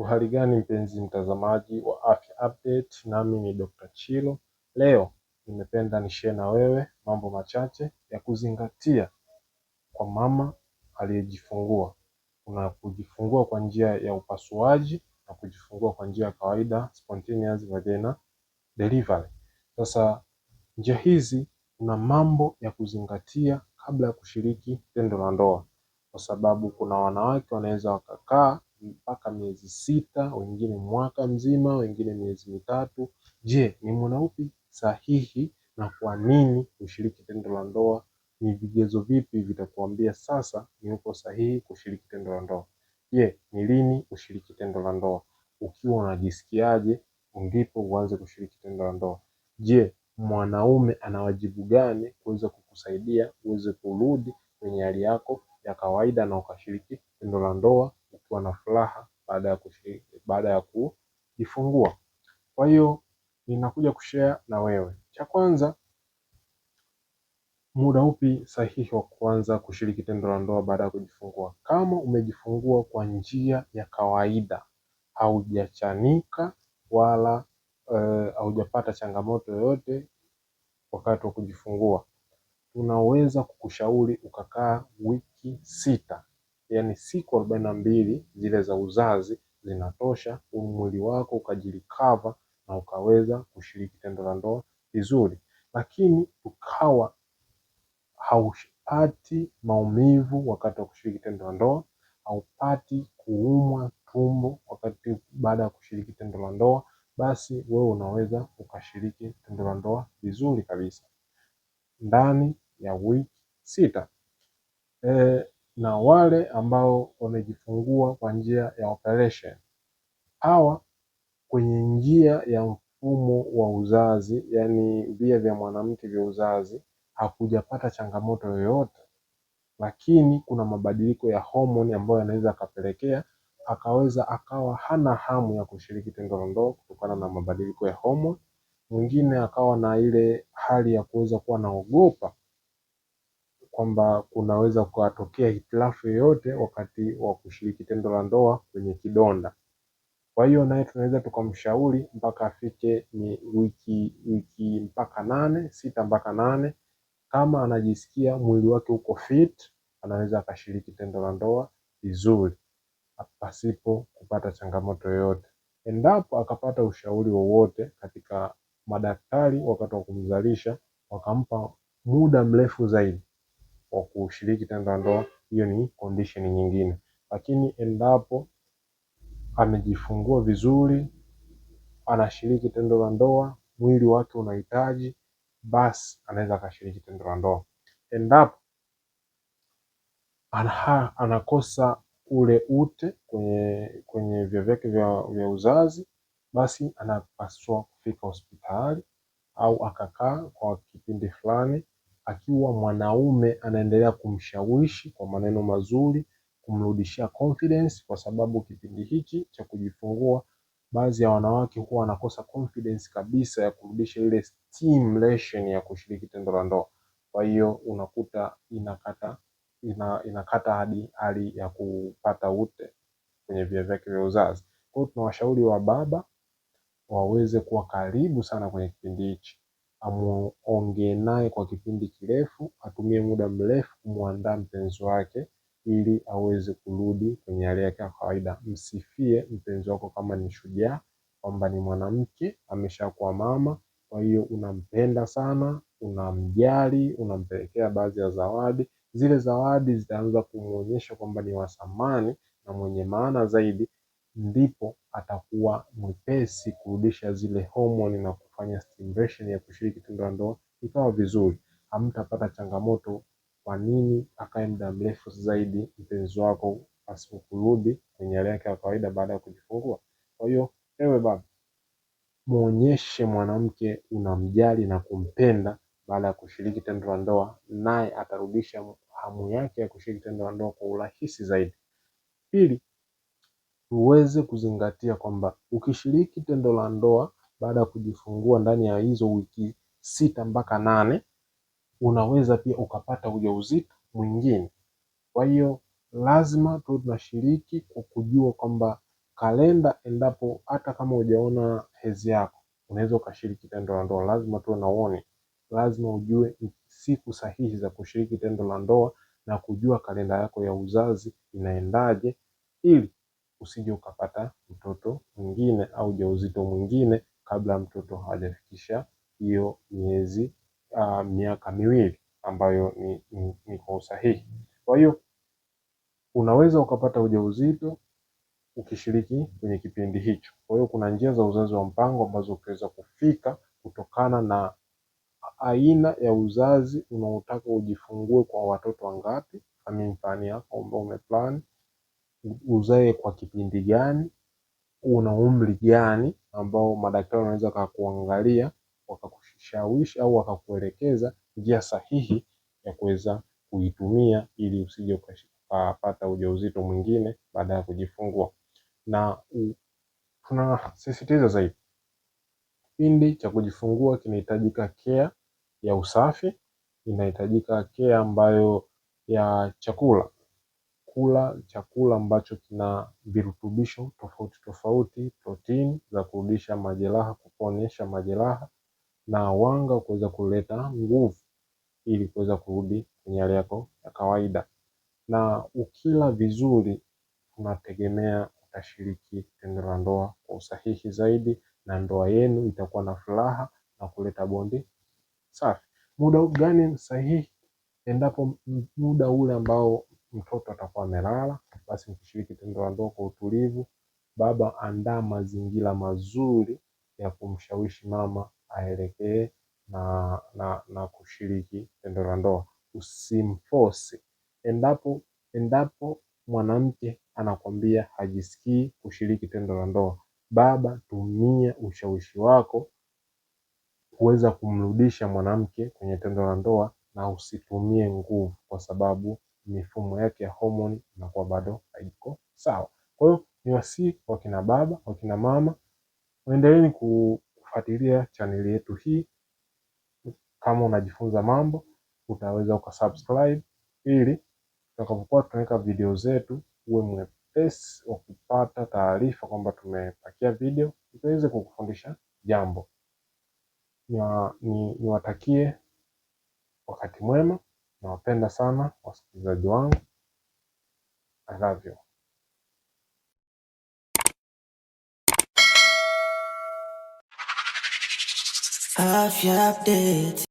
Uhali gani mpenzi mtazamaji wa Afya Update, nami ni Dr. Chilo. Leo nimependa nishare na wewe mambo machache ya kuzingatia kwa mama aliyejifungua. Kuna kujifungua kwa njia ya upasuaji na kujifungua kwa njia ya kawaida spontaneous vaginal delivery. Sasa njia hizi kuna mambo ya kuzingatia kabla ya kushiriki tendo la ndoa, kwa sababu kuna wanawake wanaweza wakakaa mpaka miezi sita, wengine mwaka mzima, wengine miezi mitatu. Je, ni upi sahihi na kwa nini kushiriki tendo la ndoa? Ni vigezo vipi vitakuambia sasa ni uko sahihi kushiriki tendo la ndoa? Je, ni lini ushiriki tendo la ndoa? Ukiwa unajisikiaje ndipo uanze kushiriki tendo la ndoa? Je, mwanaume ana wajibu gani kuweza kukusaidia uweze kurudi kwenye hali yako ya kawaida na ukashiriki tendo la ndoa? kuwa na furaha baada ya kujifungua. Kwa hiyo ninakuja kushare na wewe, cha kwanza, muda upi sahihi wa kuanza kushiriki tendo la ndoa baada ya kujifungua? Kama umejifungua kwa njia ya kawaida, haujachanika wala eh, haujapata changamoto yoyote wakati wa kujifungua, tunaweza kukushauri ukakaa wiki sita yani siku arobaini na mbili zile za uzazi zinatosha mwili wako ukajirikava na ukaweza kushiriki tendo la ndoa vizuri, lakini ukawa haupati maumivu wakati wa kushiriki tendo la ndoa, haupati kuumwa tumbo wakati baada ya kushiriki tendo la ndoa, basi wewe unaweza ukashiriki tendo la ndoa vizuri kabisa ndani ya wiki sita. Eh, na wale ambao wamejifungua kwa njia ya operesheni hawa kwenye njia ya mfumo wa uzazi, yaani via vya mwanamke vya uzazi hakujapata changamoto yoyote, lakini kuna mabadiliko ya homoni ambayo yanaweza akapelekea akaweza akawa hana hamu ya kushiriki tendo la ndoa kutokana na mabadiliko ya homoni. Mwingine akawa na ile hali ya kuweza kuwa naogopa kwamba kunaweza kukatokea hitilafu yoyote wakati wa kushiriki tendo la ndoa kwenye kidonda. Kwa hiyo naye tunaweza tukamshauri mpaka afike ni wiki wiki mpaka nane sita mpaka nane. Kama anajisikia mwili wake uko fit, anaweza akashiriki tendo la ndoa vizuri pasipo kupata changamoto yoyote. Endapo akapata ushauri wowote katika madaktari wakati wa kumzalisha wakampa muda mrefu zaidi, wa kushiriki tendo la ndoa, hiyo ni condition nyingine. Lakini endapo amejifungua vizuri, anashiriki tendo la ndoa, mwili wake unahitaji, basi anaweza akashiriki tendo la ndoa. Endapo anaha, anakosa ule ute kwenye, kwenye vyo vyake vya, vya uzazi, basi anapaswa kufika hospitali au akakaa kwa kipindi fulani akiwa mwanaume anaendelea kumshawishi kwa maneno mazuri, kumrudishia confidence, kwa sababu kipindi hichi cha kujifungua baadhi ya wanawake huwa wanakosa confidence kabisa ya kurudisha ile stimulation ya kushiriki tendo la ndoa. Kwa hiyo unakuta inakata ina, inakata hadi hali ya kupata ute kwenye via vyake vya uzazi. Kwa hiyo tunawashauri wa baba waweze kuwa karibu sana kwenye kipindi hichi amuongee naye kwa kipindi kirefu, atumie muda mrefu kumwandaa mpenzi wake ili aweze kurudi kwenye hali yake ya kawaida. Msifie mpenzi wako kama ni shujaa, kwamba ni mwanamke ameshakuwa mama, kwa hiyo unampenda sana, unamjali, unampelekea baadhi ya zawadi. Zile zawadi zitaanza kumuonyesha kwamba ni wa thamani na mwenye maana zaidi ndipo atakuwa mwepesi kurudisha zile homoni na kufanya stimulation ya kushiriki tendo la ndoa ikawa vizuri. Hamtapata changamoto, kwa nini akae muda mrefu zaidi mpenzi wako asipokurudi kwenye hali yake ya kawaida baada ya kujifungua? Kwa hiyo ewe baba, muonyeshe mwanamke unamjali na kumpenda baada ya kushiriki tendo la ndoa, naye atarudisha hamu yake ya kushiriki tendo la ndoa kwa urahisi zaidi. Pili, uweze kuzingatia kwamba ukishiriki tendo la ndoa baada ya kujifungua ndani ya hizo wiki sita mpaka nane unaweza pia ukapata ujauzito mwingine. Kwa hiyo lazima tu tunashiriki kwa kujua kwamba kalenda, endapo hata kama hujaona hezi yako unaweza ukashiriki tendo la ndoa. Lazima tu na uone, lazima ujue siku sahihi za kushiriki tendo la ndoa na kujua kalenda yako ya uzazi inaendaje ili usije ukapata mtoto mwingine au ujauzito mwingine kabla mtoto hajafikisha hiyo miezi uh, miaka miwili ambayo ni, ni, ni kwa usahihi. Kwa hiyo unaweza ukapata ujauzito ukishiriki kwenye kipindi hicho. Kwa hiyo kuna njia za uzazi wa mpango ambazo ukiweza kufika kutokana na aina ya uzazi unaotaka ujifungue kwa watoto wangapi, family plan yako ambayo umeplani uzae kwa kipindi gani, una umri gani ambao madaktari wanaweza wakakuangalia wakakushawishi au wakakuelekeza njia sahihi ya kuweza kuitumia ili usije ukapata ujauzito mwingine baada ya kujifungua. Na tunasisitiza zaidi, kipindi cha kujifungua kinahitajika care ya usafi, inahitajika care ambayo ya chakula kula chakula ambacho kina virutubisho tofauti tofauti, protini za kurudisha majeraha, kuponesha majeraha na wanga kuweza kuleta nguvu ili kuweza kurudi kwenye hali yako ya kawaida. Na ukila vizuri, unategemea utashiriki tendo la ndoa kwa usahihi zaidi, na ndoa yenu itakuwa na furaha na kuleta bondi safi. Muda gani sahihi? Endapo muda ule ambao mtoto atakuwa amelala. Basi mkishiriki tendo la ndoa kwa utulivu, baba andaa mazingira mazuri ya kumshawishi mama aelekee na, na, na kushiriki tendo la ndoa. Usimforce. Endapo, endapo mwanamke anakwambia hajisikii kushiriki tendo la ndoa, baba tumia ushawishi wako kuweza kumrudisha mwanamke kwenye tendo la ndoa, na usitumie nguvu kwa sababu mifumo yake ya homoni inakuwa bado haiko sawa. Kwa hiyo ni wasi wakina baba, wakina mama, waendeleeni kufuatilia chaneli yetu hii. Kama unajifunza mambo, utaweza ukasubscribe ili tutakapokuwa tunaweka video zetu uwe mwepesi wa kupata taarifa kwamba tumepakia video itaweze kukufundisha jambo. Niwatakie wakati mwema. Nawapenda sana wasikilizaji wangu I love you. Afya Update.